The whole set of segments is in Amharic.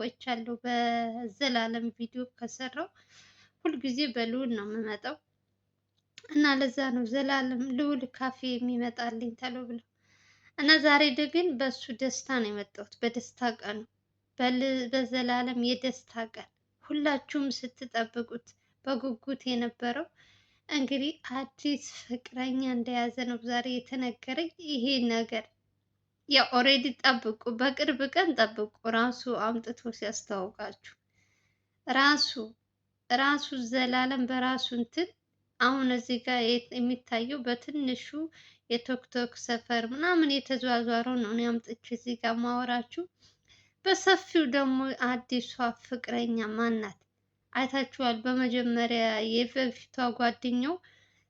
ቆይቻለሁ በዘላለም ቪዲዮ ከሰራው ሁልጊዜ በልዑል ነው የምመጣው እና ለዛ ነው ዘላለም ልዑል ካፌ የሚመጣልኝ ተሎ ብሎ እና ዛሬ ግን በእሱ ደስታ ነው የመጣሁት። በደስታ ቀኑ በዘላለም የደስታ ቀን ሁላችሁም ስትጠብቁት በጉጉት የነበረው እንግዲህ አዲስ ፍቅረኛ እንደያዘ ነው ዛሬ የተነገረኝ ይሄ ነገር ያው ኦሬዲ ጠብቁ፣ በቅርብ ቀን ጠብቁ። ራሱ አምጥቶ ሲያስተዋውቃችሁ ራሱ ራሱ ዘላለም በራሱ እንትን አሁን እዚህ ጋር የሚታየው በትንሹ የቶክቶክ ሰፈር ምናምን የተዟዟረው ነው። እኔ አምጥቼ እዚህ ጋር ማወራችሁ። በሰፊው ደግሞ አዲሷ ፍቅረኛ ማናት አይታችኋል። በመጀመሪያ የበፊቷ ጓደኛው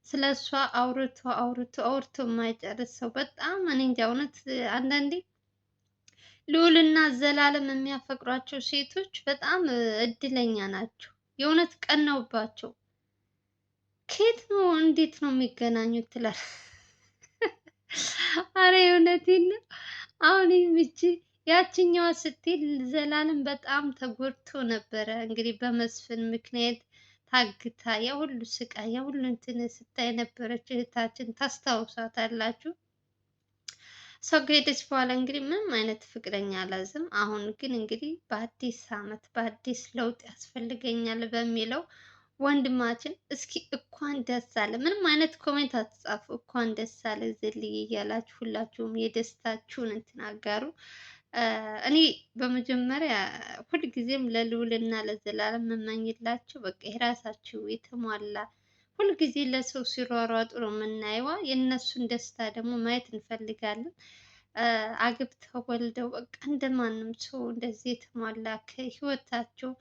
ስለ እሷ አውርቶ አውርቶ አውርቶ የማይጨርሰው በጣም እኔ እንጃ እውነት አንዳንዴ ልዑልና ዘላለም የሚያፈቅሯቸው ሴቶች በጣም እድለኛ ናቸው። የእውነት ቀናውባቸው። ከየት ነው እንዴት ነው የሚገናኙት ትላል። አረ የእውነቴን ነው። አሁን ይህች ያችኛዋ ስትል ዘላለም በጣም ተጎድቶ ነበረ እንግዲህ በመስፍን ምክንያት ሀግታ የሁሉ ስቃይ የሁሉ እንትን ስታይ የነበረች እህታችን ታስታውሳታላችሁ። ሰው ከሄደች በኋላ እንግዲህ ምንም አይነት ፍቅረኛ አላዝም። አሁን ግን እንግዲህ በአዲስ አመት በአዲስ ለውጥ ያስፈልገኛል በሚለው ወንድማችን እስኪ እንኳን ደስ አለ። ምንም አይነት ኮሜንት አትጻፉ። እንኳን ደስ አለ ዝልይ እያላችሁ ሁላችሁም የደስታችሁን እንትን አጋሩ። እኔ በመጀመሪያ ሁልጊዜም እና ለዘላለም የምመኝላቸው በቃ የራሳቸው የተሟላ ሁልጊዜ ለሰው ሲሯሯጡ ነው የምናየዋ። የእነሱን ደስታ ደግሞ ማየት እንፈልጋለን። አግብተው ወልደው በቃ እንደማንም ሰው እንደዚህ የተሟላ ከህይወታቸው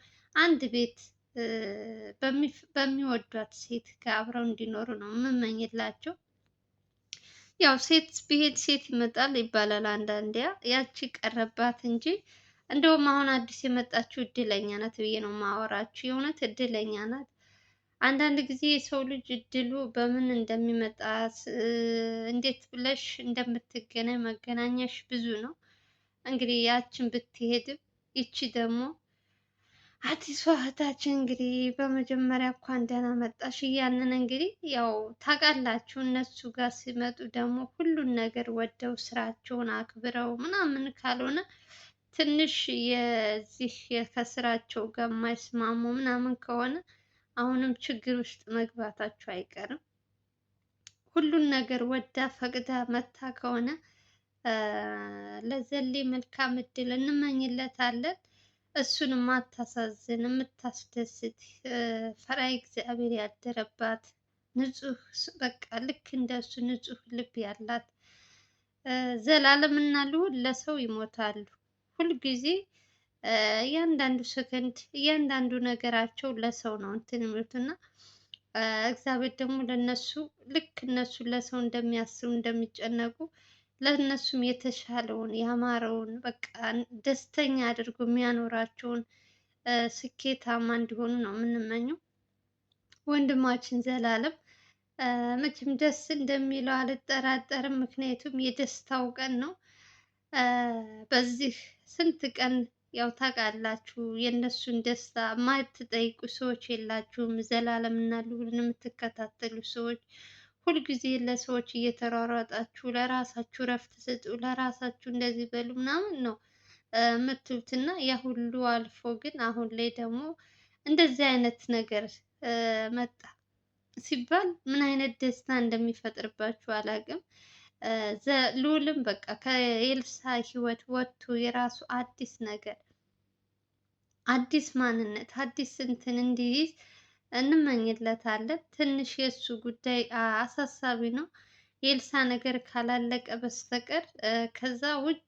አንድ ቤት በሚወዷት ሴት ጋር አብረው እንዲኖሩ ነው የምመኝላቸው። ያው ሴት ቢሄድ ሴት ይመጣል ይባላል። አንዳንዴያ ያቺ ቀረባት እንጂ እንደውም አሁን አዲስ የመጣችው እድለኛ ናት ብዬ ነው ማወራችሁ። የእውነት እድለኛ ናት። አንዳንድ ጊዜ የሰው ልጅ እድሉ በምን እንደሚመጣ እንዴት ብለሽ እንደምትገናኝ መገናኛሽ ብዙ ነው። እንግዲህ ያችን ብትሄድም ይቺ ደግሞ አዲሱ እህታችን እንግዲህ በመጀመሪያ እንኳን ደህና መጣሽ እያንን እንግዲህ ያው ታውቃላችሁ፣ እነሱ ጋር ሲመጡ ደግሞ ሁሉን ነገር ወደው ስራቸውን አክብረው ምናምን ካልሆነ ትንሽ የዚህ ከስራቸው ጋር የማይስማሙ ምናምን ከሆነ አሁንም ችግር ውስጥ መግባታቸው አይቀርም። ሁሉን ነገር ወዳ ፈቅዳ መታ ከሆነ ለዘሌ መልካም እድል እንመኝለታለን። እሱን የማታሳዝን የምታስደስት ፈሪሃ እግዚአብሔር ያደረባት ንጹህ፣ በቃ ልክ እንደሱ ንጹህ ልብ ያላት እና ልዑል ለሰው ይሞታሉ። ሁልጊዜ እያንዳንዱ ሰከንድ እያንዳንዱ ነገራቸው ለሰው ነው እንትን የሚሉት እና እግዚአብሔር ደግሞ ለነሱ ልክ እነሱ ለሰው እንደሚያስቡ እንደሚጨነቁ ለእነሱም የተሻለውን ያማረውን በቃ ደስተኛ አድርጎ የሚያኖራቸውን ስኬታማ እንዲሆኑ ነው የምንመኘው። ወንድማችን ዘላለም መቼም ደስ እንደሚለው አልጠራጠርም። ምክንያቱም የደስታው ቀን ነው። በዚህ ስንት ቀን ያው ታውቃላችሁ፣ የእነሱን ደስታ ማትጠይቁ ሰዎች የላችሁም። ዘላለም እና ልዑልን የምትከታተሉ ሰዎች ሁልጊዜ ለሰዎች እየተሯሯጣችሁ ለራሳችሁ እረፍት ስጡ፣ ለራሳችሁ እንደዚህ በሉ ምናምን ነው የምትሉት እና ያ ሁሉ አልፎ ግን አሁን ላይ ደግሞ እንደዚህ አይነት ነገር መጣ ሲባል ምን አይነት ደስታ እንደሚፈጥርባችሁ አላውቅም። ልዑልም በቃ ከኤልሳ ህይወት ወጥቶ የራሱ አዲስ ነገር አዲስ ማንነት አዲስ እንትን እንዲይዝ እንመኝለታለን። ትንሽ የእሱ ጉዳይ አሳሳቢ ነው፣ የኤልሳ ነገር ካላለቀ በስተቀር ከዛ ውጭ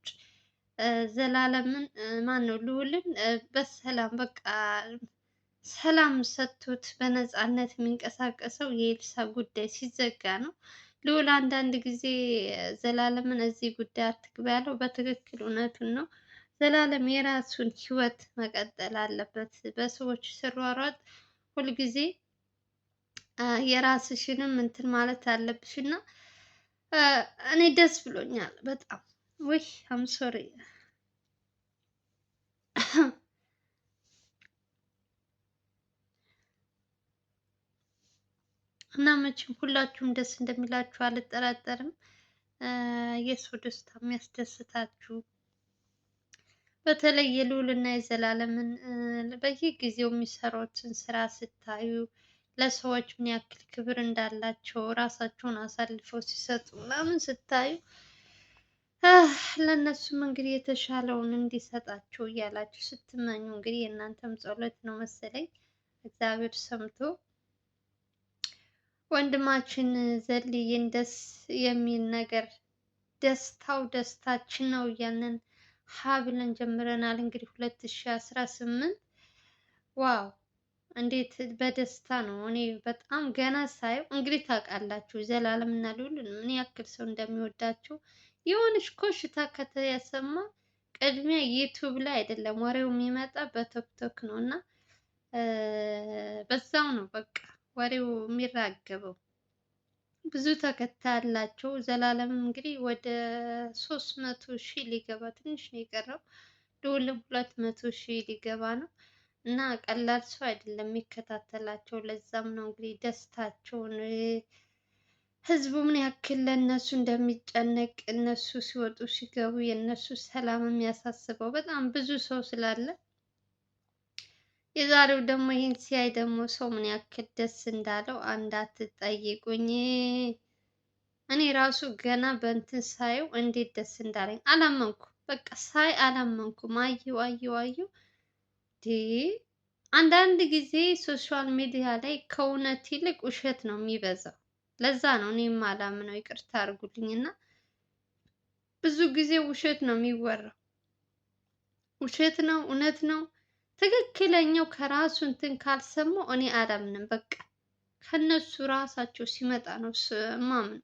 ዘላለምን ማን ነው ልውልን በሰላም በቃ ሰላም ሰጥቶት በነፃነት የሚንቀሳቀሰው የኤልሳ ጉዳይ ሲዘጋ ነው። ልውል አንዳንድ ጊዜ ዘላለምን እዚህ ጉዳይ አትግባ ያለው በትክክል እውነቱን ነው። ዘላለም የራሱን ህይወት መቀጠል አለበት። በሰዎች ስሯሯጥ ሁልጊዜ የራስሽንም እንትን ማለት አለብሽ እና እኔ ደስ ብሎኛል በጣም አም ሶሪ እና መቼም ሁላችሁም ደስ እንደሚላችሁ አልጠራጠርም። የሰው ደስታ የሚያስደስታችሁ በተለይ የልዑልና የዘላለምን በየጊዜው የሚሰሩትን ስራ ስታዩ ለሰዎች ምን ያክል ክብር እንዳላቸው ራሳቸውን አሳልፈው ሲሰጡ ምናምን ስታዩ ለእነሱም እንግዲህ የተሻለውን እንዲሰጣቸው እያላችሁ ስትመኙ እንግዲህ የእናንተም ጸሎት ነው መሰለኝ እግዚአብሔር ሰምቶ ወንድማችን ዘልዬን ደስ የሚል ነገር ደስታው ደስታችን ነው እያለን ሀ ብለን ጀምረናል። እንግዲህ ሁለት ሺ አስራ ስምንት ዋው እንዴት በደስታ ነው። እኔ በጣም ገና ሳየው እንግዲህ ታውቃላችሁ ዘላለም እና ልዑል ምን ያክል ሰው እንደሚወዳቸው የሆነች ኮሽታ ከተሰማ ቅድሚያ ዩቱብ ላይ አይደለም ወሬው የሚመጣ በቶክቶክ ነው እና በዛው ነው በቃ ወሬው የሚራገበው። ብዙ ተከታይ አላቸው። ዘላለም እንግዲህ ወደ ሶስት መቶ ሺህ ሊገባ ትንሽ ነው የቀረው። ደወልም ሁለት መቶ ሺህ ሊገባ ነው እና ቀላል ሰው አይደለም የሚከታተላቸው። ለዛም ነው እንግዲህ ደስታቸውን ህዝቡ ምን ያክል ለእነሱ እንደሚጨነቅ እነሱ ሲወጡ ሲገቡ የእነሱ ሰላም የሚያሳስበው በጣም ብዙ ሰው ስላለ የዛሬው ደግሞ ይህን ሲያይ ደግሞ ሰው ምን ያክል ደስ እንዳለው እንዳትጠይቁኝ። እኔ ራሱ ገና በእንትን ሳየው እንዴት ደስ እንዳለኝ አላመንኩ። በቃ ሳይ አላመንኩም። አየሁ አየሁ አየሁ። አንዳንድ ጊዜ ሶሻል ሚዲያ ላይ ከእውነት ይልቅ ውሸት ነው የሚበዛው። ለዛ ነው እኔም አላምነው። ይቅርታ አድርጉልኝ ብዙ ጊዜ ውሸት ነው የሚወራው። ውሸት ነው እውነት ነው ትክክለኛው ከራሱ እንትን ካልሰማው እኔ አላምንም። በቃ ከነሱ ራሳቸው ሲመጣ ነው ማምን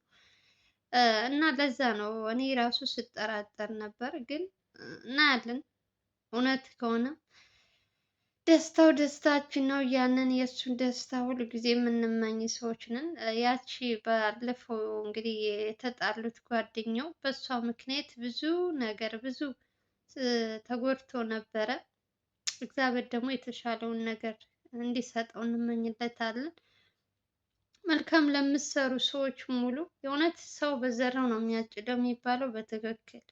እና ለዛ ነው እኔ ራሱ ስጠራጠር ነበር። ግን እናያለን እውነት ከሆነ ደስታው ደስታችን ነው። ያንን የእሱን ደስታ ሁሉ ጊዜ የምንመኝ ሰዎች ነን። ያቺ ባለፈው እንግዲህ የተጣሉት ጓደኛው በእሷ ምክንያት ብዙ ነገር ብዙ ተጎድቶ ነበረ። እግዚአብሔር ደግሞ የተሻለውን ነገር እንዲሰጠው እንመኝለታለን። መልካም ለምትሰሩ ሰዎች ሙሉ የእውነት ሰው በዘራው ነው የሚያጭደው የሚባለው በትክክል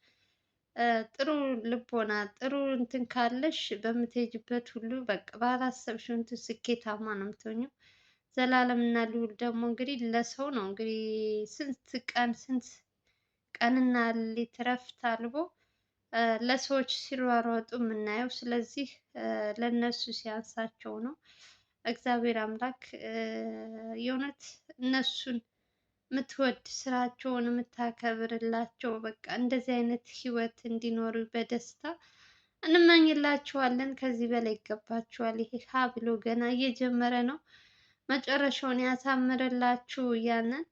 ጥሩ ልቦና ጥሩ እንትን ካለሽ በምትሄጅበት ሁሉ በቃ ባላሰብሽው እንትን ስኬታማ ነው የምትሆኚው። ዘላለም እና ልዑል ደግሞ እንግዲህ ለሰው ነው እንግዲህ ስንት ቀን ስንት ቀንና ሌት እረፍት አልቦ ለሰዎች ሲሯሯጡ የምናየው። ስለዚህ ለእነሱ ሲያንሳቸው ነው። እግዚአብሔር አምላክ የእውነት እነሱን የምትወድ ስራቸውን የምታከብርላቸው በቃ እንደዚህ አይነት ህይወት እንዲኖሩ በደስታ እንመኝላችኋለን። ከዚህ በላይ ይገባችኋል። ይሄ ሀ ብሎ ገና እየጀመረ ነው። መጨረሻውን ያሳምርላችሁ እያለን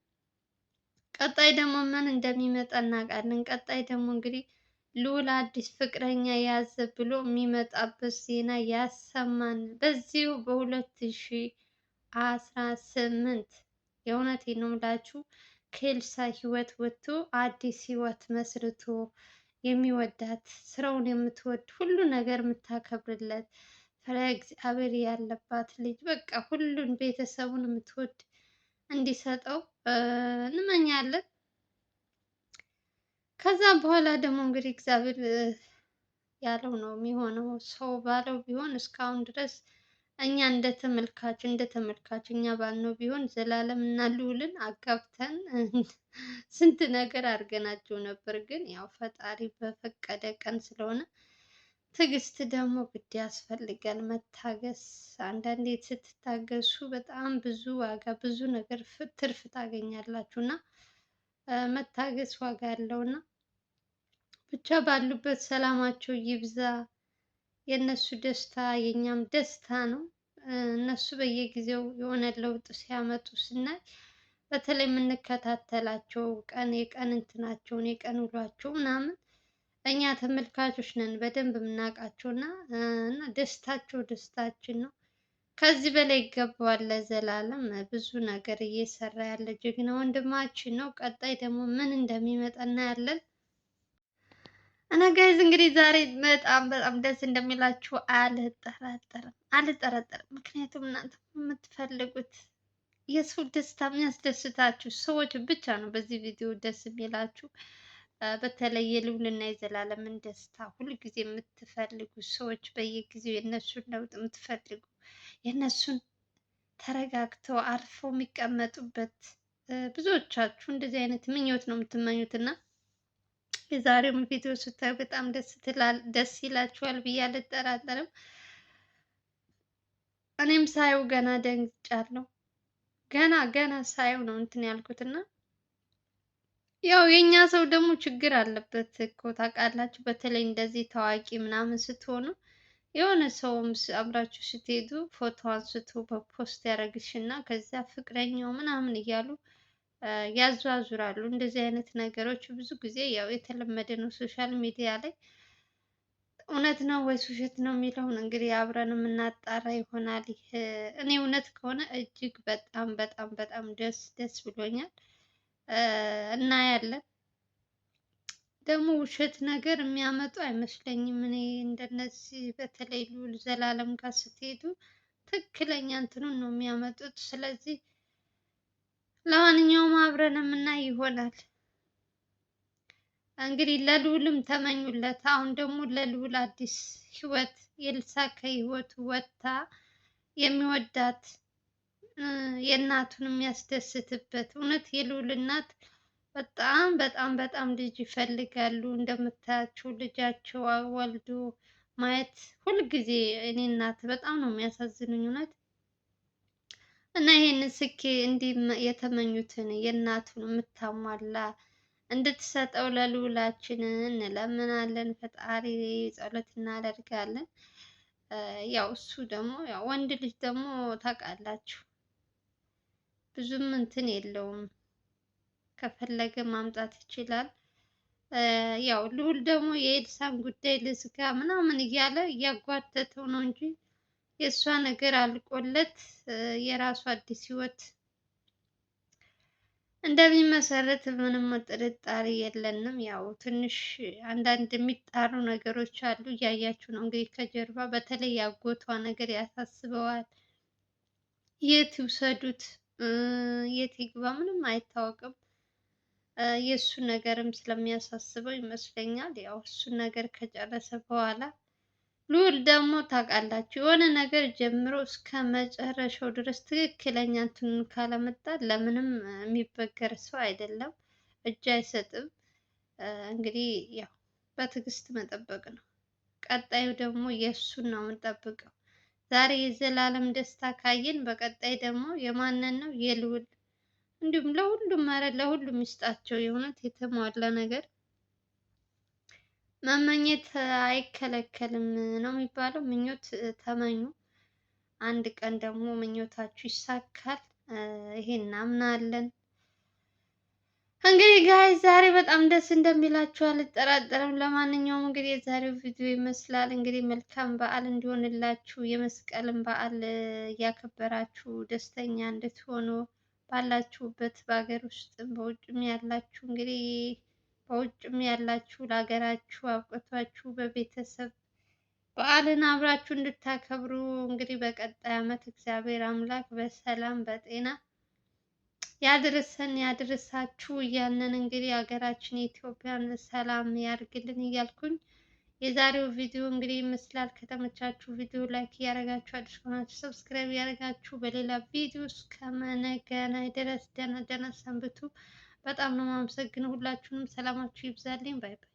ቀጣይ ደግሞ ምን እንደሚመጣ እናውቃለን። ቀጣይ ደግሞ እንግዲህ ልዑል አዲስ ፍቅረኛ ያዘ ብሎ የሚመጣበት ዜና ያሰማን። በዚሁ በ2018 አስራ ስምንት የእውነት ነው የምላችሁ ከኤልሳ ህይወት ወጥቶ አዲስ ህይወት መስርቶ የሚወዳት ስራውን የምትወድ ሁሉ ነገር የምታከብርለት ፈሪሃ እግዚአብሔር ያለባት ልጅ በቃ ሁሉን ቤተሰቡን የምትወድ እንዲሰጠው እንመኛለን። ከዛ በኋላ ደግሞ እንግዲህ እግዚአብሔር ያለው ነው የሚሆነው። ሰው ባለው ቢሆን እስካሁን ድረስ እኛ እንደ ተመልካች እንደ ተመልካች እኛ ባልነው ቢሆን ዘላለም እና ልዑልን አጋብተን ስንት ነገር አድርገናቸው ነበር። ግን ያው ፈጣሪ በፈቀደ ቀን ስለሆነ ትዕግስት ደግሞ ግድ ያስፈልጋል። መታገስ አንዳንዴ ስትታገሱ በጣም ብዙ ዋጋ ብዙ ነገር ትርፍ ታገኛላችሁ እና መታገስ ዋጋ ያለውና ብቻ ባሉበት ሰላማቸው ይብዛ። የእነሱ ደስታ የእኛም ደስታ ነው። እነሱ በየጊዜው የሆነ ለውጥ ሲያመጡ ስናይ በተለይ የምንከታተላቸው ቀን የቀን እንትናቸውን የቀን ውሏቸው ምናምን እኛ ተመልካቾች ነን በደንብ የምናውቃቸው እና እና ደስታቸው ደስታችን ነው። ከዚህ በላይ ይገባዋል። ለዘላለም ብዙ ነገር እየሰራ ያለ ጀግና ወንድማችን ነው። ቀጣይ ደግሞ ምን እንደሚመጣ እናያለን። እና ጋይዝ እንግዲህ ዛሬ በጣም በጣም ደስ እንደሚላችሁ አልጠራጠርም አልጠራጠርም። ምክንያቱም እናንተ የምትፈልጉት የሰው ደስታ የሚያስደስታችሁ ሰዎች ብቻ ነው በዚህ ቪዲዮ ደስ የሚላችሁ። በተለይ የልዑልና የዘላለምን ደስታ ሁልጊዜ የምትፈልጉ ሰዎች በየጊዜው የእነሱን ለውጥ የምትፈልጉ የእነሱን ተረጋግተው አርፈው የሚቀመጡበት ብዙዎቻችሁ እንደዚህ አይነት ምኞት ነው የምትመኙት እና የዛሬው ቪዲዮ ስታዩ በጣም ደስ ይላችኋል ብዬ አልጠራጠርም። እኔም ሳየው ገና ደንግጫለሁ። ገና ገና ሳየው ነው እንትን ያልኩትና ያው የእኛ ሰው ደግሞ ችግር አለበት እኮ ታውቃላችሁ። በተለይ እንደዚህ ታዋቂ ምናምን ስትሆኑ የሆነ ሰውም አብራችሁ ስትሄዱ ፎቶ አንስቶ በፖስት ያደርግሽ እና ከዚያ ፍቅረኛው ምናምን እያሉ ያዟዙራሉ። እንደዚህ አይነት ነገሮች ብዙ ጊዜ ያው የተለመደ ነው ሶሻል ሚዲያ ላይ። እውነት ነው ወይስ ውሸት ነው የሚለውን እንግዲህ አብረን የምናጣራ ይሆናል። እኔ እውነት ከሆነ እጅግ በጣም በጣም በጣም ደስ ደስ ብሎኛል። እናያለን። ደግሞ ውሸት ነገር የሚያመጡ አይመስለኝም። እኔ እንደነዚህ በተለይ ልዑል ዘላለም ጋር ስትሄዱ ትክክለኛ እንትኑን ነው የሚያመጡት። ስለዚህ ለማንኛውም አብረን የምናይ ይሆናል። እንግዲህ ለልዑልም ተመኙለት። አሁን ደግሞ ለልዑል አዲስ ህይወት የልሳ ከህይወቱ ወጥታ የሚወዳት የእናቱን የሚያስደስትበት እውነት የልዑል እናት በጣም በጣም በጣም ልጅ ይፈልጋሉ። እንደምታያቸው ልጃቸው ወልዶ ማየት ሁልጊዜ እኔ እናት በጣም ነው የሚያሳዝኑኝ እውነት እና ይሄንን ስኬ እንዲህ የተመኙትን የእናቱን የምታሟላ እንድትሰጠው ለልውላችን እንለምናለን። ፈጣሪ ጸሎት እናደርጋለን። ያው እሱ ደግሞ ያው ወንድ ልጅ ደግሞ ታውቃላችሁ ብዙም እንትን የለውም። ከፈለገ ማምጣት ይችላል። ያው ልውል ደግሞ የኤልሳን ጉዳይ ልስጋ ምናምን እያለ እያጓተተው ነው እንጂ የእሷ ነገር አልቆለት የራሱ አዲስ ህይወት እንደሚመሰረት ምንም ጥርጣሬ የለንም። ያው ትንሽ አንዳንድ የሚጣሩ ነገሮች አሉ፣ እያያችሁ ነው እንግዲህ ከጀርባ በተለይ ያጎቷ ነገር ያሳስበዋል። የት ይውሰዱት፣ የት ይግባ፣ ምንም አይታወቅም። የእሱ ነገርም ስለሚያሳስበው ይመስለኛል ያው እሱን ነገር ከጨረሰ በኋላ ልዑል ደግሞ ታውቃላችሁ የሆነ ነገር ጀምሮ እስከ መጨረሻው ድረስ ትክክለኛ እንትኑን ካለመጣ ለምንም የሚበገር ሰው አይደለም፣ እጅ አይሰጥም። እንግዲህ ያው በትዕግስት መጠበቅ ነው። ቀጣዩ ደግሞ የእሱን ነው የምንጠብቀው። ዛሬ የዘላለም ደስታ ካየን፣ በቀጣይ ደግሞ የማንን ነው? የልዑል እንዲሁም ለሁሉም ኧረ ለሁሉም ይስጣቸው የእውነት የተሟላ ነገር መመኘት አይከለከልም ነው የሚባለው። ምኞት ተመኙ፣ አንድ ቀን ደግሞ ምኞታችሁ ይሳካል። ይሄ እናምናለን። እንግዲህ ጋይ ዛሬ በጣም ደስ እንደሚላችሁ አልጠራጠርም። ለማንኛውም እንግዲህ የዛሬው ቪዲዮ ይመስላል። እንግዲህ መልካም በዓል እንዲሆንላችሁ የመስቀልን በዓል እያከበራችሁ ደስተኛ እንድትሆኑ ባላችሁበት በሀገር ውስጥም በውጭም ያላችሁ እንግዲህ በውጭም ያላችሁ ለሀገራችሁ አብቅቷችሁ በቤተሰብ በዓልን አብራችሁ እንድታከብሩ እንግዲህ በቀጣይ ዓመት እግዚአብሔር አምላክ በሰላም በጤና ያድርሰን ያድርሳችሁ እያልን እንግዲህ ሀገራችን ኢትዮጵያን ሰላም ያድርግልን እያልኩኝ የዛሬው ቪዲዮ እንግዲህ ይመስላል። ከተመቻችሁ ቪዲዮ ላይክ እያደረጋችሁ አዲስ ከሆናችሁ ሰብስክራይብ እያደረጋችሁ በሌላ ቪዲዮ እስከመነገናኝ ድረስ ደህና ደህና ሰንብቱ። በጣም ነው የማመሰግነው። ሁላችሁንም ሰላማችሁ ይብዛልኝ። ባይ ባይ።